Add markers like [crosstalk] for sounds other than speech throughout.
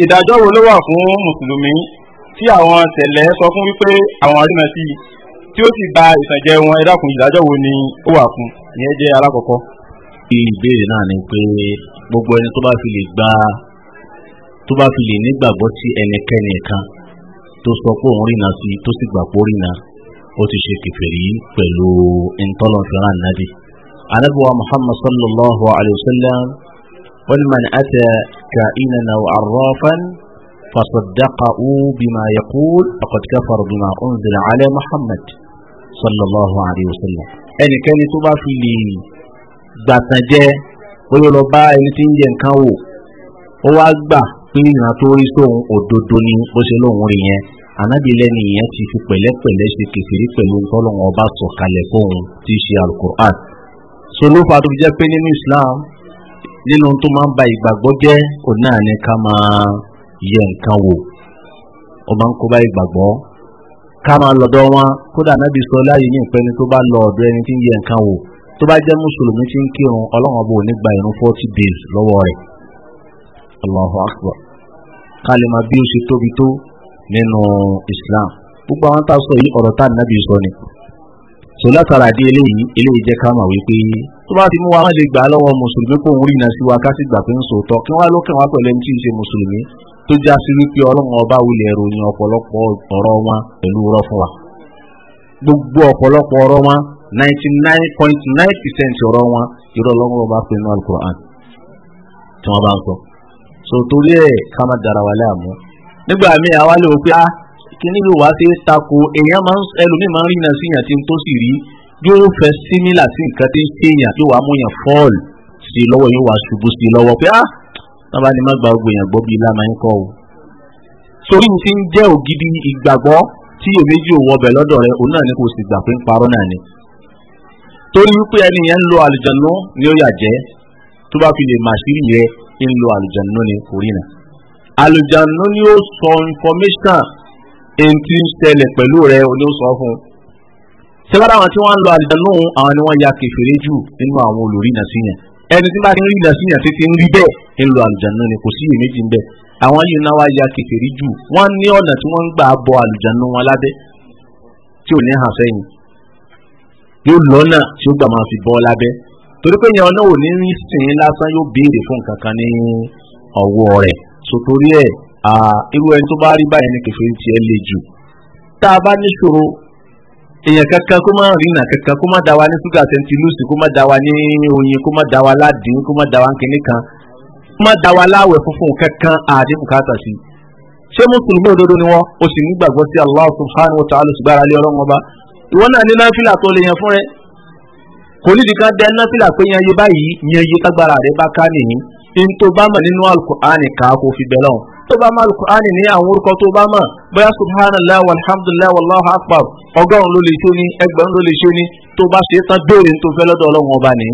ìdájọ́ wo ló wà fún mùsùlùmí tí àwọn tẹ̀lẹ́ sọ fún wípé àwọn arínà sí tí ó sì gba ìtànjẹ wọn ẹ dákun ìdájọ́ wo ni ó wà fún ìyẹn jẹ́ alákọ̀ọ́kọ́. ìbéèrè náà ni pé gbogbo ẹni tó bá fi lè gba tó bá fi lè nígbàgbọ́ sí ẹnikẹ́ni kan tó sọ pé òun rìnà sí tó sì gbà pé ó rìnà ó ti ṣe kèfèrí pẹ̀lú ìtọ́lọ́fẹ́ràn nàbì. anábìwá muhammad sallallahu alayhi wa sallam ó ní man ata ka'inan aw arrafan fasaddaqahu bima yaqul faqad kafara bima unzila ala muhammad sallallahu alayhi wa sallam. ẹnikẹ́ni tó bá fi lè gbàtàn jẹ́ bóyá lọ bá ẹni tí ń jẹ nǹkan wò ó wá gbà pé ìran tó rí sóhun òdodo ni bó ṣe lóhun rí yẹn anábìlẹ̀ nìyẹn ti fi pẹ̀lẹ́pẹ̀lẹ́ ṣe kẹfìrí pẹ̀lú tọ́lọ́hún ọba sọ̀kalẹ̀ fóun tí í ṣe alukur'an. solófa tó fi jẹ́ pé nínú islam nínú tó máa ń ba ìgbàgbọ́ jẹ́ òun náà ni ká máa yẹ nǹkan wò ó máa ń kó bá ìgbàgbọ́ ká máa lọ́dọ̀ wọn kódà nábì sọ láàyè ní ìpẹ́ni tó bá lọ ọ̀dọ̀ ẹni tí ń yẹ nǹkan wò tó bá jẹ́ mùsùlùmí tí ń kírun ọlọ́run ọba islam gbogbo àwọn a sọ yìí ọ̀rọ̀ ni tó bá ti mú wa má lè gbà lọ́wọ́ mùsùlùmí kó ń rí iná sí wa ká sì gbà pé ń sòótọ́ kí wọ́n á lókè wá pẹ̀lú ẹni tí ń ṣe mùsùlùmí tó já sí wípé ọlọ́run ọba wulẹ̀ ròyìn ọ̀pọ̀lọpọ̀ ọ̀rọ̀ wọn pẹ̀lú rọ́ fún wa gbogbo ọ̀pọ̀lọpọ̀ ọ̀rọ̀ wọn ninety nine point nine percent ọ̀rọ̀ wọn irọ́ ọlọ́run ọba pẹ̀lú alukur'an tí wọ́n bá ń sọ so torí ẹ̀ ká má dara wa láàmú nígbà míì àwa lè wò pé ah kíní ló wá sí tako èèyàn máa ń ẹlòmíì máa ń rí iná sí yàn tí ń tó sì rí yóò fẹ́ símílà sí nǹkan tí ń ṣe èèyàn yóò wá mú yàn fọ́ọ̀lù sí i lọ́wọ́ yóò wá ṣubú sí i lọ́wọ́ pé ah tábà ní má gba ogun èèyàn gbọ́ bíi lámà ń kọ́ o. sórí mi ti ń jẹ́ ògidì ìgbàgbọ́ tí èméjì ò wọ lọ́dọ̀ rẹ òun náà ni kò sì gbà pé ń parọ́ náà ni. torí wípé ẹni yẹn ń lo àlùjànnú ni ó yà jẹ́ tó bá fi lè mà sí yẹ ń lo àlùjànnú ni kò rí nà. àlùjànnú ni ó sọ information èyí tí ń ṣẹlẹ̀ pẹ̀lú rẹ ni ó sọ fún un tẹ́bára àwọn tí wọ́n ń lo àlìdánù àwọn ni wọ́n ya kẹfìrí jù nínú àwọn olórí ìnàsí yẹn ẹni tí bá ti ń rí ìnàsí yẹn títí ń rí bẹ́ẹ̀ ń lo àlìdánù ni kò sí iyèméjì ń bẹ̀ àwọn yìí náà wá ya kẹfìrí jù wọ́n ní ọ̀nà tí wọ́n ń gbà bọ àlìdánù wọn lábẹ́ tí ò ní hàn sẹ́yìn yóò lọ́nà tí ó gbà máa fi bọ́ lábẹ́ torí pé yẹn ọ̀nà ò ní rí sìn lásán yóò béèrè fún nǹkan ní ọwọ́ rẹ̀ sotori ẹ̀ irú ẹni tó bá rí báyìí ní kẹfìrí tiẹ̀ le jù tá a bá níṣòro èèyàn kankan kó má rìnà kankan kó má da wa ní ṣúgà sẹńtìlúùsì kó má da wa ní oyin kó má da wa ládìín kó má da wa kínní kan kó má da wa láwẹ̀ funfun kankan àdé bùkátà sí. ṣé mùsùlùmí òdodo ni wọn o sì ní gbàgbọ́ sí Allah subhanahu wa ta'ala ṣùgbọ́n ara lé ọlọ́run ọba ìwọ náà ní náfìlà tó lè yẹn fún rẹ kò nídìí ká dẹ náfìlà pé yan iye báyìí yan iye tágbára rẹ bá ká nìyí ní nínú Al-Qur'ani ká kó fi bẹ́ẹ̀ lọ́wọ́ tó bá máa alukur'ani ní àwọn orúkọ tó bá mọ̀ bóyá subhanallah walhamdulillah wallahu akbar ọgọ́rùn ló lè ṣó ni ẹgbẹ̀rún ló lè ṣó ni tó bá ṣe tán dóòrin tó fẹ́ lọ́dọ̀ ọlọ́run ọba ni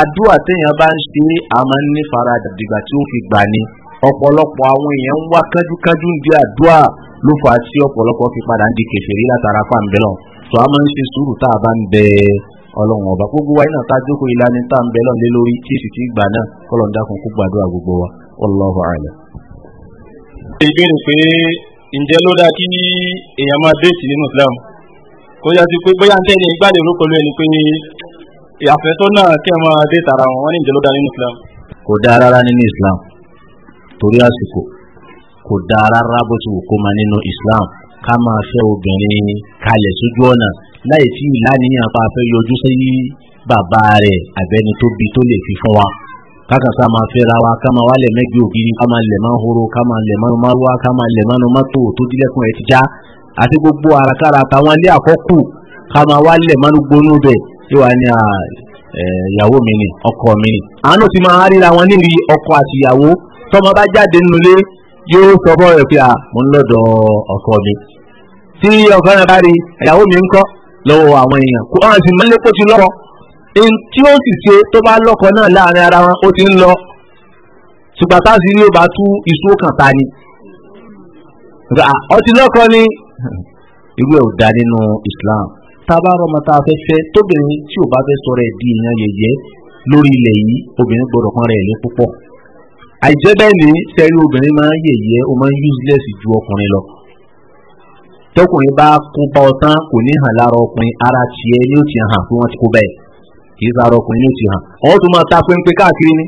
àdúrà téèyàn bá ń ṣe àmọ́ ní faradà dìgbà tí ó fi gbà ni ọ̀pọ̀lọpọ̀ àwọn èèyàn ń wá kájúkájú ń di àdúrà ló fà á tí ọ̀pọ̀lọpọ̀ fi padà ń di kèfèrí látara pàǹbẹ̀lọ̀ ọba gbogbo wa iná tá ìlànà tá a ń bẹ lọ́n lé lórí tí èsì ti gbà náà kọ́lọ̀ ń dákun kó gbàdúrà gbogbo wa wallahu a'lam ṣe ìbéèrè pé ǹjẹ́ ló dáa kí èèyàn máa déètì nínú Islam kó yá sí pé bóyá ń tẹ́lẹ̀ ìgbàdé orúkọ lóyún ni pé àfẹ́sọ́nà kí ẹ máa déètì ara wọn wọ́n ní ǹjẹ́ ló dáa nínú Islam. kò dáa rárá nínú Islam torí àsìkò kò dáa rárá bó ti wù kó máa nínú Islam ká máa fẹ́ obìnrin kalẹ̀ sójú ọ̀nà láì tí ìlànìyàn pa fẹ́ yọjú sí bàbá rẹ̀ àbẹ́ni tó bi tó lè fi fún wa. kákàtà máa fẹ́ra wa ká máa ogiri kama le ògiri horo kama le lẹ̀ máa márúwá ká máa lẹ̀ máa mọ́tò tó dílẹ̀kùn gbogbo arakara àtàwọn ilé àkọ́kù ká máa wá lẹ̀ máa gbónú bẹ̀ tí mi ni ọkọ mi ni. àánú ti máa ríra wọn níbi ọkọ àti ìyàwó tọmọ bá jáde nínú ilé yóò sọ èyí tí ó sì ṣe tó bá lọ́kọ náà láàrin ara wọn ó ti ń lọ ṣùgbọ́n táàsì yóò bá tú iṣu kan ta ni ọtí lọ́kọ ni ìwé [laughs] ò nínú Islam tábà rọmọ tá a fẹ́ fẹ́ tóbìnrin tí ò bá fẹ́ sọ̀rọ̀ ẹ̀ di èèyàn yẹyẹ lórí ilẹ̀ yìí obìnrin gbọ́dọ̀ kan rẹ̀ lé púpọ̀ àìjẹ́ bẹ́ẹ̀ ni sẹ́rí obìnrin máa ń yẹ̀yẹ́ ó máa ń useless ju ọkùnrin lọ tọkùnrin bá kó bá ọ tán kò ní hàn lára ọkùnrin ara tiẹ̀ ni ó ti hàn pé wọ́n ti kó bẹ́ẹ̀ kì í sàárọ̀ ọkùnrin ní òsì hàn ọ̀hún tó máa ta péńpé káàkiri ni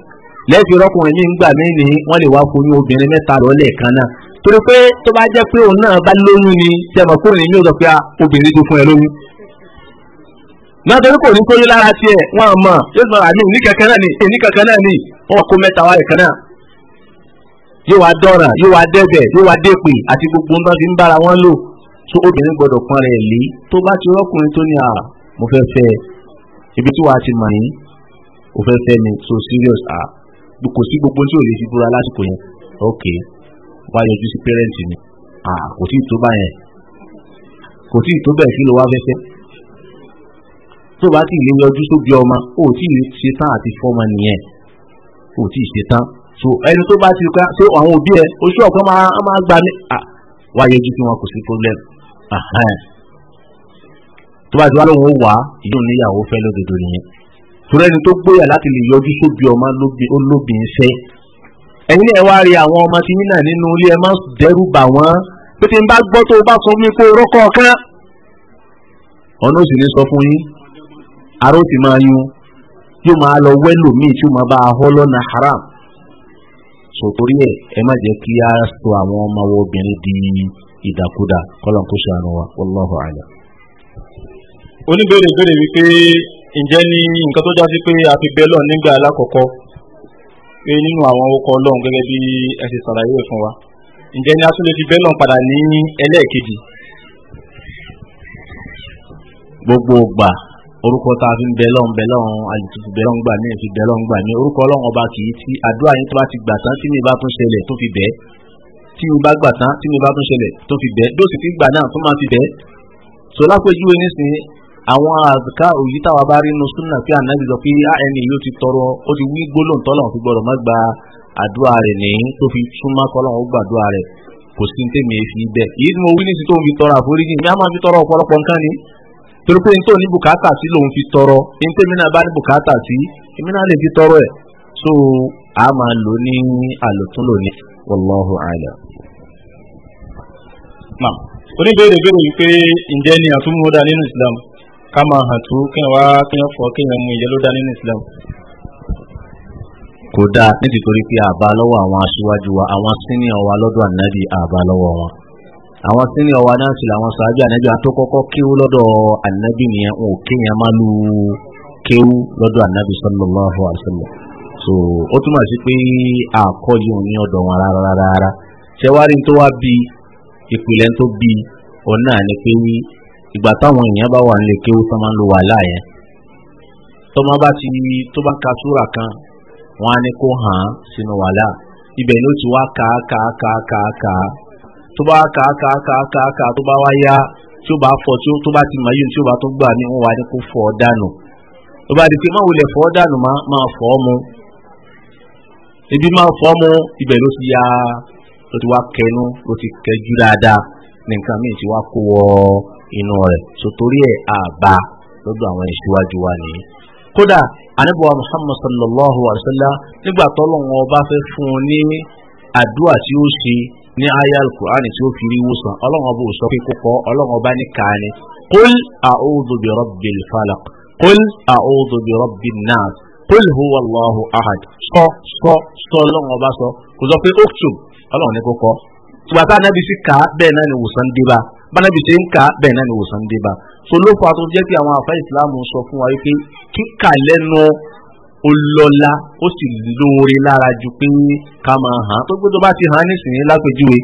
lẹ́ẹ̀fi rọ́kùnrin mi ń gbà mí nìyí wọ́n lè wá foyún obìnrin mẹ́ta rọ̀ lẹ́ẹ̀kan náà torí pé tó bá jẹ́ pé òun náà bá lóyún ni tẹmọ̀ kúrò ní yóò sọ pé ah, obìnrin tó fún ẹ lóyún. náà torí kò ní kó yín lára tiẹ̀ wọ́n mọ̀ yóò sọ àmì ah, ní kankan náà ni èní kankan náà ni wọ́n kó mẹ́ta wá ẹ̀kan náà. yóò wá dọ́ràn yóò wá dẹ́bẹ̀ yóò wá dépè àti gbogbo nǹkan fi ń bára wọn lò tó obìnrin gbọdọ̀ pọn rẹ̀ lé tó bá ti rọ́kùnrin tó ní à ah, mo fẹ́ fẹ́ ibi tí wàá ti mọ̀ ní o fẹ́ fẹ́ mi so serious ah kò sí gbogbo tí o lè fi búra lásìkò yẹn ok wá yọjú sí pẹ́rẹ́ǹtì mi ah kò tí ì tó báyẹn kò tí ì tó bẹ́ẹ̀ kí ló wá fẹ́ fẹ́ tó bá tí ì lè yọjú sóbi ọmọ o tí ì ṣe tán àti fọmọ nìyẹn o tí ì ṣe tán so ẹni tó bá ti ká ṣé àwọn òbí ẹ oṣù ọ̀kan máa gbà wá yọjú sí wọn kò sí problem tó bá ti wá lóun ó wà á yóò níyàwó fẹ́ lódodo nìyẹn torí ẹni tó gbóyà láti lè yọjú sóbi ọmọ olóbìnrin fẹ́ ẹ̀yin ẹ̀ wá rí àwọn ọmọ tí yín náà nínú ilé ẹ má dẹ́rù bà wọ́n pé tí n bá gbọ́ tó o bá sọ fún mi pé o rọ́kọ̀ kan ọ̀nà òsì ní sọ fún yín aró ti máa yún yóò máa lọ wẹ́lò míì tí ó máa bá a họ́ lọ́nà haram sòtórí ẹ̀ ẹ má jẹ́ kí a sọ àwọn ọmọ obìnrin di ìdàkudà kọ́lọ̀ kó ṣe àrùn wa wallahu a'lam oníbèrè béèrè wípé ǹjẹ́ ní nǹkan tó jásí pé a fi bẹ́ẹ̀ lọ nígbà alákọ̀ọ́kọ́ pé nínú àwọn orúkọ ọlọ́run gẹ́gẹ́ bí ẹ ṣe ṣàlàyé ẹ̀ fún wa ǹjẹ́ ní a tún lè fi bẹ́ẹ̀ lọ padà ní ẹlẹ́ẹ̀kejì. gbogbo ògbà orúkọ tá a fi ń bẹ lọ́n bẹ lọ́n àlùtù fi bẹ lọ́n gbà ní ìfi bẹ lọ́n gbà ní orúkọ ọlọ́run ọba kì í ti àdúrà yín tó bá ti gbà tán tí mi bá tún ṣẹlẹ̀ tó fi bẹ́ẹ̀ tí mi bá gbà tán tí mi bá tún ṣẹlẹ̀ tó fi bẹ́ẹ̀ dóòsì fi gbà náà tó máa fi bẹ́ẹ̀ sọlá péjú onísìn àwọn àzùká òyí táwa bá rí inú súnà pé ànábì sọ pé o ah, yóò ti tọrọ ó ti wí gbólóhùn tọ́lọ̀ fi gbọ́dọ̀ má gba àdúrà rẹ̀ ní tó fi súnmọ́ kọ́lọ̀ ó gbàdúrà rẹ̀ kò sí ní tèmi èfi bẹ́ẹ̀ èyí tí mo wí nísìsiyìí tó ń fi tọrọ àforíjì mi á máa fi tọrọ ọ̀pọ̀lọpọ̀ nǹkan ni torí pé nítorí ní bùkátà sí lòun fi tọrọ náà bá ní bùkátà sí èmi fi tọrọ ẹ̀ so a máa lò ní àlòtúnlò ní wallahu a'lam. oníbèrè bèrè wípé ǹjẹ́ ni nínú Islam A ma hàn tú a wá kí wọ́n fọ́ kí wọ́n mú ló dá nínú Islam. kò dáa nítorí pé àbá lọ́wọ́ àwọn aṣíwájú wa àwọn sínìọ̀ wa lọ́dọ̀ ànábì àbá lọ́wọ́ wọn àwọn sínìọ̀ wa náà làwọn sàájú ànábì lọ́dọ̀ ànábì nìyẹn wọn ò lu lọ́dọ̀ ànábì so ó túmọ̀ sí pé òní ọ̀dọ̀ wọn rárá rárá ìgbà táwọn èèyàn bá wà nílé kéwú tó máa ń lo wàhálà yẹn tọmọ bá ti tó bá ka súrà kan wọn á ní kó hàn án sínú wàhálà ibẹ̀ ló ti wá kà á kà á kà á kà á kà á tó bá kà á kà á kà tó bá wá yá tí ó bá fọ tó bá ti mọ tí ó bá tó gbà ní wọn wá ní kó fọ dànù tó bá di pé má wulẹ̀ fọ dànù máa fọ mu ibi máa fọ mu ibẹ̀ ló ti ya ló ti wá kẹnu ló ti kẹjú dáadáa nìkan míì ti wá kó wọ inú rẹ̀ sotori ẹ̀ àbá lọ́dọ̀ àwọn ìṣíwájú wa nìyí. kódà anábọ̀wá muhammad sallallahu alayhi wa sallam nígbà tọ́lọ́wọ́n ọba fẹ́ fún un ní àdúrà tí ó ṣe ní aya alukur'ani tí ó fi rí wòsàn ọlọ́wọ́n ọba ò sọ pé kókọ́ ọlọ́wọ́n ọba ní kàání qul a'udhu bi rabbil falaq qul a'udhu bi rabbin nas qul huwa allahu ahad sọ sọ sọ ọlọ́wọ́n ọba sọ kò sọ pé ó tù ọlọ́wọ́n ní kókọ́ tùwàtà anábìsí kà bẹ́ẹ̀ náà ni wòsàn dé bá bánabi ṣe ń kà á bẹ́ẹ̀ náà ni ìwòsàn dé bá so ló fà tó jẹ́ pé àwọn àfa ìsìláàmù sọ fún wa wípé kíkà lẹ́nu ó lọ́lá ó sì lóore lára ju pé ká máa hàn án tó gbọ́dọ̀ bá ti hàn án nísìnyí lápèjúwe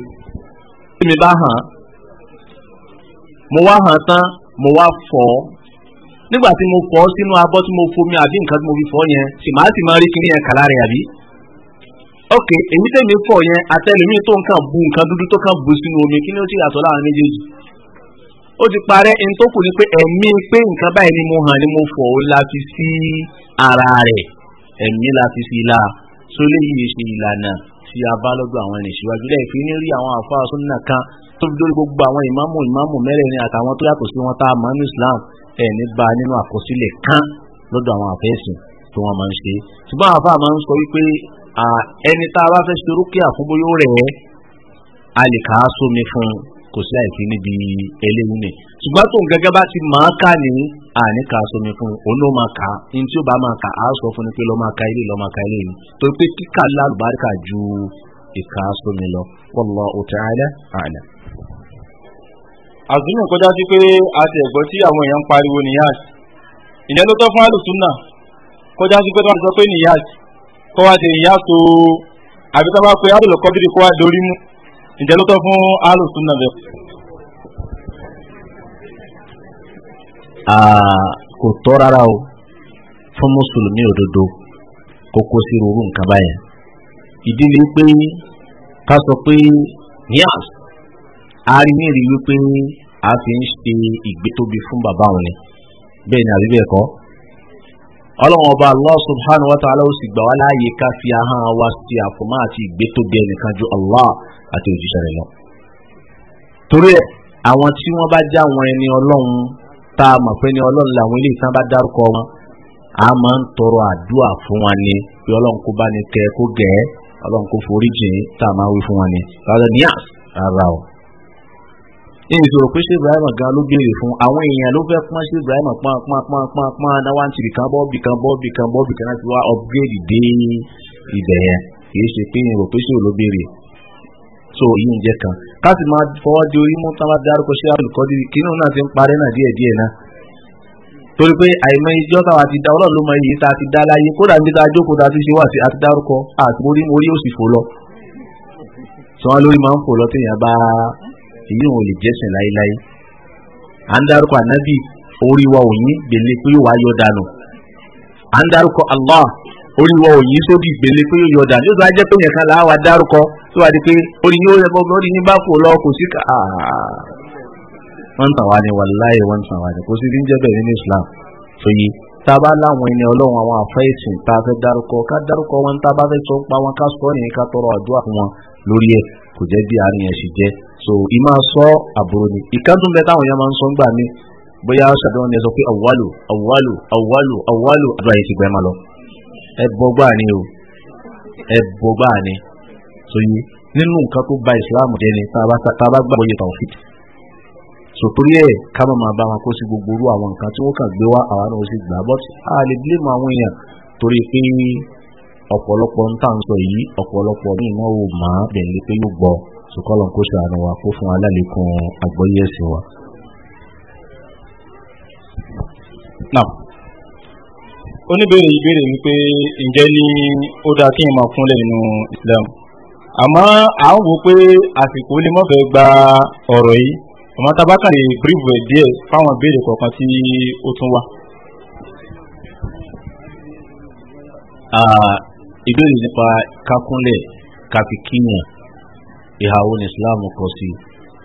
tí mi bá hàn án mo wá hàn án tán mo wá fọ̀ ọ́ nígbà tí mo fọ̀ ọ́ sínú abọ́ tí mo fomi àbí nǹkan tí mo fi fọ̀ ọ́ yẹn sì máa sì máa rí kinní yẹn kàlá rẹ̀ àbí ok èyí tèmi fọ̀ yẹn àtẹnumí tó nǹkan bu nǹkan dúdú tó kàn bu sínú omi kí ni ó ti yàtọ̀ láàrin méjèèjì ó ti parẹ́ ẹni tó kù ni pé ẹ̀mí pé nǹkan báyìí ni mo hàn ni mo fọ̀ ó la fi sí ara rẹ̀ ẹ̀mí la fi sí la tó léyìí ṣe ìlànà tí a bá lọ́gbọ̀ àwọn ẹni ìṣíwájú lẹ́yìn fi ní rí àwọn àfáà súnà kan tó fi dórí gbogbo àwọn ìmáàmù ìmáàmù mẹ́rẹ̀ẹ̀rin àtàwọn tó yàtọ̀ sí wọn tá a mọ̀ ní Islam ẹni bá nínú àkọsílẹ̀ kan lọ́dọ̀ àwọn àfẹ́sìn tí wọ́n máa ń ṣe ṣùgbọ́n àfáà máa ń sọ wípé ẹni tá a bá fẹ́ ṣe rúkìá fún rẹ̀ ẹ́ a lè kà á sómi fún un kò sí àìsí níbi eléwu ni ṣùgbọ́n tó ń gẹ́gẹ́ bá ti máa kà ní àní ká sọ mi fún òun ló máa kà ní tí ó bá máa kà á sọ fún ni pé lọ́ máa ka ilé lọ́ máa ka ilé ni torí pé kíkà lálùbáríkà ju ìka sọ mi lọ wallahu ta'ala a'lam. àzúnù kọjá sí pé àti ẹ̀gbọ́ tí àwọn èèyàn ń pariwo niyas ìyẹn ló tọ́ fún àlùsùnà kọjá sí pé tó wà sọ pé niyas kọ́ wá ti niyas tó àbí tó bá pe abdulkọ́bìrì kó ǹjẹ́ ló tọ́ fún alùsùn náà bẹ́ẹ̀. kò tọ́ rárá o fún mùsùlùmí òdodo kó kó sí rúurú nǹkan báyẹn ìdí ni pé ká sọ pé yas a rí ní ìrírí wípé a fi ń ṣe ìgbétóbi fún bàbá òun ni bẹ́ẹ̀ ni àbí bẹ́ẹ̀ kọ́ ọlọ́run ọba allah subhanahu wa ta'ala ó sì gbà wá láàyè ká fi ahọ́n wa sí àfọ̀mọ́ àti ìgbé tóbi ẹnìkan ju allah àti òjíṣẹ́ rẹ̀ lọ. torí ẹ̀ àwọn tí wọ́n bá já àwọn ẹni ọlọ́run tá a mọ̀ pé ní ọlọ́run làwọn ilé ìtàn bá dárúkọ wọn a máa ń tọrọ àdúrà fún wọn ni pé ọlọ́run kó bá ní kẹ́ kó gẹ̀ ẹ́ ọlọ́run kó forí jìn tá a máa wí fún wọn ni. rárá ní àrà o. ní ìṣòro pé ṣé Ibrahim gan ló béèrè fún àwọn èèyàn ló fẹ́ pọ́n ṣé Ibrahim pọ́n pọ́n pọ́n pọ́n pọ́n náwá ti bìkan bọ́ bìkan bọ́ bìkan bọ́ bìkan láti wá upgrade dé ibẹ̀ yẹn kì í ṣe pé ìrò pé ṣé ò ló béèrè so èyí ń jẹ kan káàsì máa fọwọ́ di orí mú tá a bá dárúkọ sí àlùkọ́dí kínú náà ti ń parẹ́ náà díẹ̀ díẹ̀ náà torí pé àìmọ ijọ́ táwa ti da ọlọ́run ló mọ iye tá a ti dá láyé kódà níbi tá a jókòó tá a ti ṣe wá sí àti dárúkọ àti orí orí òsì fò lọ tí wọn lórí máa ń fò lọ téèyàn bá èyí òun lè jẹ́sìn láéláé à ń dárúkọ ànábì orí wa ò ní gbèlè pé yóò wá dànù à ń dárúkọ Allah orí wọn ò yí sódì ìpele pé yóò yọ̀dà ní oṣù ajẹ́ pé yẹn kan là á wá dárúkọ tó wà di pé orí yóò rẹ bọ́ọ̀bù orí yín bá kò lọ kò sí ká wọ́n ń tàn wá ní wàláyé wọ́n ń tàn wá ní kò sí ní jẹ́ bẹ̀rẹ̀ Islam tó yí tá a bá láwọn ẹni ọlọ́run àwọn àfẹ́sìn tá a fẹ́ dárúkọ ká dárúkọ wọn tá a bá fẹ́ sọ pa wọn ká sọ nìyẹn ká tọrọ àdúrà fún wọn lórí ẹ̀ kò jẹ́ bí àárín ẹ̀ jẹ́ so ìmá sọ àbúrò ni ìkádùn bẹ táwọn èèyàn máa ń sọ ń gbà mí bóyá ṣàdéhùn ni ẹ sọ pé àwálò àwálò àwálò àdúrà yìí ti gbẹ́ máa lọ ẹbọgbà ni o ẹbọgbà ni sọyí nínú nǹkan tó ba ìsìláàmù jẹ́ ni tá a bá gbàgbọ́ yẹ tàwọ́fìtì sòtórí ẹ̀ ká má máa bá wọn kó sí gbogbo orú àwọn nǹkan tí wọ́n kàn gbé wá àwa náà sì gbà bọ́t a lè bílẹ̀mù àwọn èèyàn torí pé ọ̀pọ̀lọpọ̀ ń tà ń sọ yìí ọ̀pọ̀lọpọ̀ ní ìmọ̀ ò máa bẹ̀lẹ́ pé yóò gbọ́ sùkọ́lọ̀ kó ṣàánú wa kó fún alálẹ́kùn àgbọ́yé ẹ̀sìn wa. now oníbèrè ìbéèrè ni pé ǹjẹ́ ní ó dáa kí n máa kúnlẹ̀ nínú Islam àmọ́ à ń wò pé àsìkò lè mọ̀fẹ́ gba ọ̀rọ̀ yìí àmọ́ tabakari bíríìfù ẹ̀ díẹ̀ fáwọn ìbéèrè kọ̀ọ̀kan tí ó tún wà. ìbéèrè nípa kákúnlẹ̀ káfíkíyàn ìhà wo ni Islam kọ sí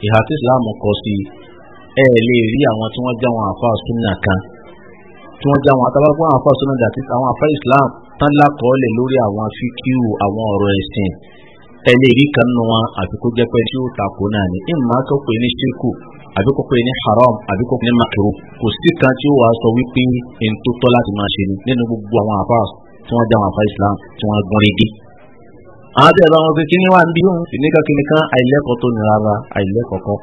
ìhà tí Islam kọ sí ẹ̀ lè rí àwọn tí wọ́n já wọn àfa súnà kan tí wọ́n já wọn àtàwọn àwọn afá sọ́nà dàtí àwọn afá Islam tán lákọọ́lẹ̀ lórí àwọn fíkíù àwọn ọ̀rọ̀ ẹ̀sìn ẹlẹ́ ìrí kan nù wọn àfi kó tí ó takò náà ni ìmọ̀ akọ́ pé ní ṣírkù àbí pé ní haram àbí kó pé ní makaro kò sí kan tí ó wàá sọ wípé n tó tọ́ láti máa ṣe ni nínú gbogbo àwọn afá tí wọ́n já àwọn afá Islam tí wọ́n gbọ́n régé àwọn àti ẹ̀rọ àwọn pé ni wà ń bí òun kìnìkan kìnìkan àìlẹ́kọ̀ọ́ tó nira ara àìlẹ́kọ̀ọ́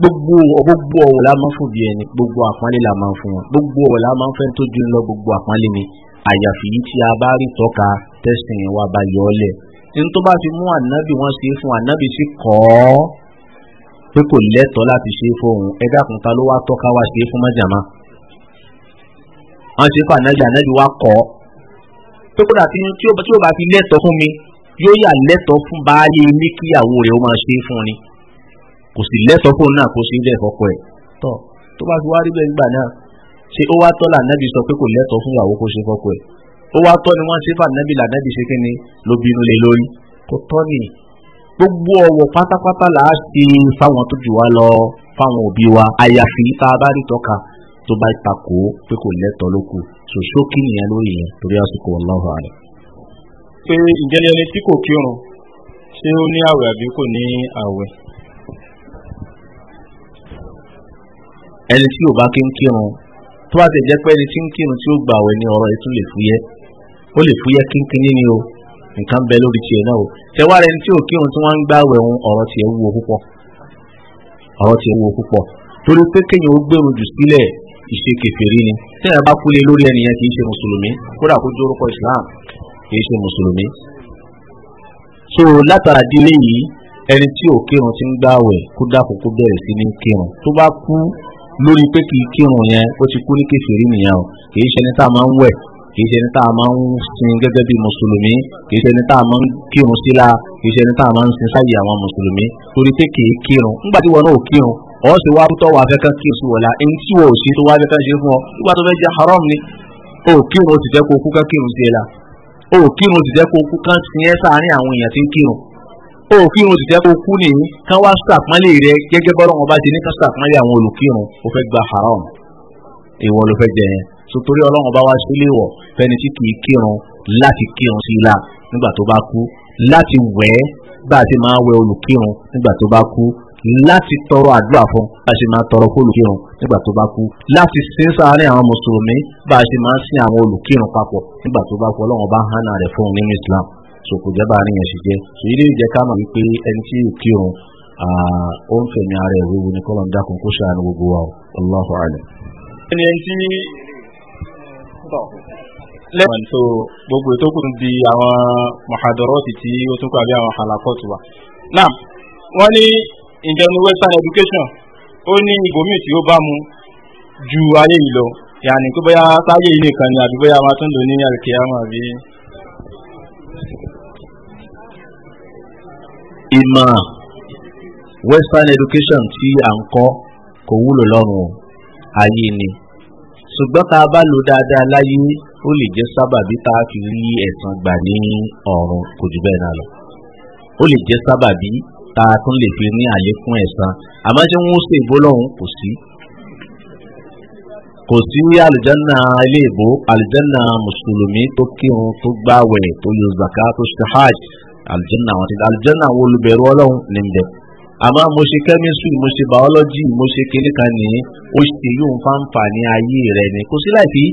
gbogbo gbogbo ọ̀wọ̀ la máa ń fún bí ẹni gbogbo àpọ́nlé la máa ń fún wọn gbogbo ọ̀wọ̀ la máa ń fẹ́ tó ju lọ gbogbo àpọ́nlé ni àyàfi yìí tí a bá rí tọ́ka tẹ́sìn wa bá yọ ọ́ lẹ̀ ní tó bá fi mú ànábì wọn ṣe fún ànábì sí kọ́ ọ́ pé kò lẹ́tọ̀ọ́ láti ṣe fóun ẹ dákun ta ló wá tọ́ka wá ṣe fún májàmá wọn ṣe fún ànábì ànábì wá kọ́ ọ́ pé kódà tí ó bá fi lẹ́tọ̀ọ́ fún mi yóò yà lẹ́tọ̀ọ́ fún baálé ní kíyàwó rẹ̀ ó máa ṣe fún ni kò sì lẹ́tọ̀ fóun náà kó sí ilé ìfọ́kọ ẹ̀ tọ́ tó bá fi wá rí bẹ́ẹ̀ nígbà náà ṣé ó wá tọ́ lànàbì sọ pé kò lẹ́tọ̀ fún ìyàwó kó ṣe fọ́kọ ẹ̀ ó wá tọ́ ni wọ́n ṣe fànàbì lànàbì ṣe kí ni ló bínú lé lórí kò tọ́ ni gbogbo ọ̀wọ̀ pátápátá là á ṣe fáwọn tó jù wá lọ fáwọn òbí wa àyàfi tá a bá rí tọ́ka tó bá takò pé kò lẹ́tọ̀ ló kù ṣoṣó kí nìyẹn lórí yẹn torí àsìkò ọlọ́run ààrẹ. pé ìjẹ́lẹ́ni tí kò kírun ṣé ó ní àwẹ̀ àbí kò ní àwẹ̀? ẹni tí ò bá kí ń kírun tó bá ti jẹ́ pé ẹni tí ń kírun tí ó gbà wẹ̀ ni ọ̀rọ̀ ètò lè fúyẹ́ ó lè fúyẹ́ kínkínní ni o nǹkan bẹ lórí tiẹ̀ náà o tẹ́wá rẹ̀ ẹni tí ò kírun tí wọ́n ń gbà wẹ̀ ń ọ̀rọ̀ tiẹ̀ wúwo púpọ̀ ọ̀rọ̀ tiẹ̀ wúwo púpọ̀ torí pé kéèyàn ó gbèrò jù sílẹ̀ ìṣe kèfèrí ni tẹ́yà bá kúlé lórí ẹnìyẹn kì í ṣe mùsùlùmí Islam kì í so látara dílé yìí ẹni tí ò kírun ti ń gbààwẹ̀ kó dákun kó lórí pé kì í kírun yẹn ó ti kú ní kèfèrí nìyẹn o kì í ṣe ẹni tá a máa ń wẹ̀ kì í ṣe ẹni tá a máa ń sin gẹ́gẹ́ bí mùsùlùmí kì í ṣe ẹni tá a máa ń kírun síla kì í ṣe ẹni tá a máa ń sin sáyé àwọn mùsùlùmí torí pé kì í kírun ńgbà tí wọn náà ò kírun ọ̀hún sì wá tọ́ wà fẹ́ kán kí oṣù wọ̀la ẹni tí wọ́n ò sí tó wá fẹ́ kán ṣe fún ọ nígbà tó fẹ́ jẹ́ haram ni o kírun o sì fẹ́ kó kú kán kírun sí ẹ la o kírun o sì fẹ́ kó kú kán sin ẹ sáàárín àwọn èèyàn tí ń kírun ó kí irun ti tẹ́ kó kú nìyí kán wá sàpọ́nlé rẹ gẹ́gẹ́ bọ́rọ̀ wọn bá ti ní ká sàpọ́nlé àwọn olùkírun ó fẹ́ gba haram ìwọ ló fẹ́ jẹ yẹn sotori ọlọ́run bá wá sílé wọ̀ fẹ́ni tí kì í kírun láti kírun sí ilá nígbà tó bá kú láti wẹ̀ ẹ́ bá a ti máa wẹ olùkírun nígbà tó bá kú láti tọrọ àdúrà fún bá a ṣe máa tọrọ fún olùkírun nígbà tó bá kú láti sin sáárín àwọn mùsùlùmí bá a ṣe máa sin àwọn olùkírun papọ̀ nígbà tó bá kú ọlọ́run bá hánà rẹ̀ fún un nínú Islam so kò jẹ́ bá a níyẹn ṣe jẹ́ so ilé ìjẹ́ ká mọ̀ wípé ẹni tí yóò kí òun ó ń fẹ̀mí ara ẹ̀ wíwo ní kọ́lọ̀ ń dákun kó ṣàánú gbogbo wa Allahu a'lam. ẹni ẹni tí lẹ́yìn tó gbogbo ètò kù di àwọn mọ̀hàdọ́rọ́ọ̀tì tí ó tún kọ́ àbí àwọn halakọ́ọ̀tù wa. náà wọ́n ní ìjẹun western education ó ní ibòmíì tí ó bá mu ju ayé yìí lọ yàní pé bóyá sáyé yìí nìkan ni àbí bóyá wọn tún lò ní àlùkìyàmọ̀ àbí ìmọ̀ western education tí à ń kọ́ kò wúlò lọ́rùn ayé ni ṣùgbọ́n tá a bá lò dáadáa láyé ó lè jẹ́ sábàbí tá a fi rí ẹ̀san gbà ní ọ̀run kò jù bẹ́ẹ̀ náà lọ ó lè jẹ́ sábàbí tá a tún lè fi ní àlékún ẹ̀san àmọ́ ṣé wọ́n ṣe ìbò lọ́hùn kò sí kò sí àlùjànnà ilé ìbò àlùjànnà mùsùlùmí tó kírun tó gbàwẹ̀ tó yọ zaka tó aljanna àwọn ti aljanna àwọn olùbẹ̀rù ọlọ́run ní ń bẹ àmọ́ mo ṣe chemistry mo ṣe biology mo ṣe kinní kan ní ó ṣe yóò fáńfà ní ayé rẹ ni kò sí láìpẹ́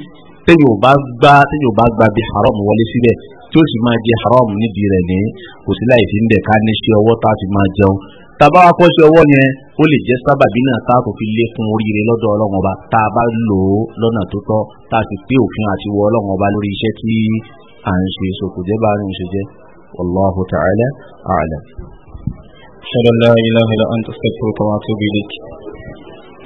tẹ́yìn ò bá gbá tẹ́yìn ò bá gbá bí haram wọlé síbẹ̀ tí ó sì máa jẹ haram nídìí rẹ̀ ní kò sí láì fi ń bẹ̀ ká ní ṣe ọwọ́ tá a fi máa jẹun tàbá wa kọ́ ṣe ọwọ́ yẹn ó lè jẹ́ sábàbí náà tá a kò fi lé fún oríire lọ́dọ̀ ọlọ́run ọba tá a bá lò ó lọ́nà tó tọ́ tá a sì pé òfin àti wọ ọlọ́run ọba lórí iṣẹ́ tí à ń ṣe sokòjẹ́ bá rìn ṣe jẹ́. والله تعالى أعلم أشهد أن لا إله إلا أنت أستغفرك وأتوب إليك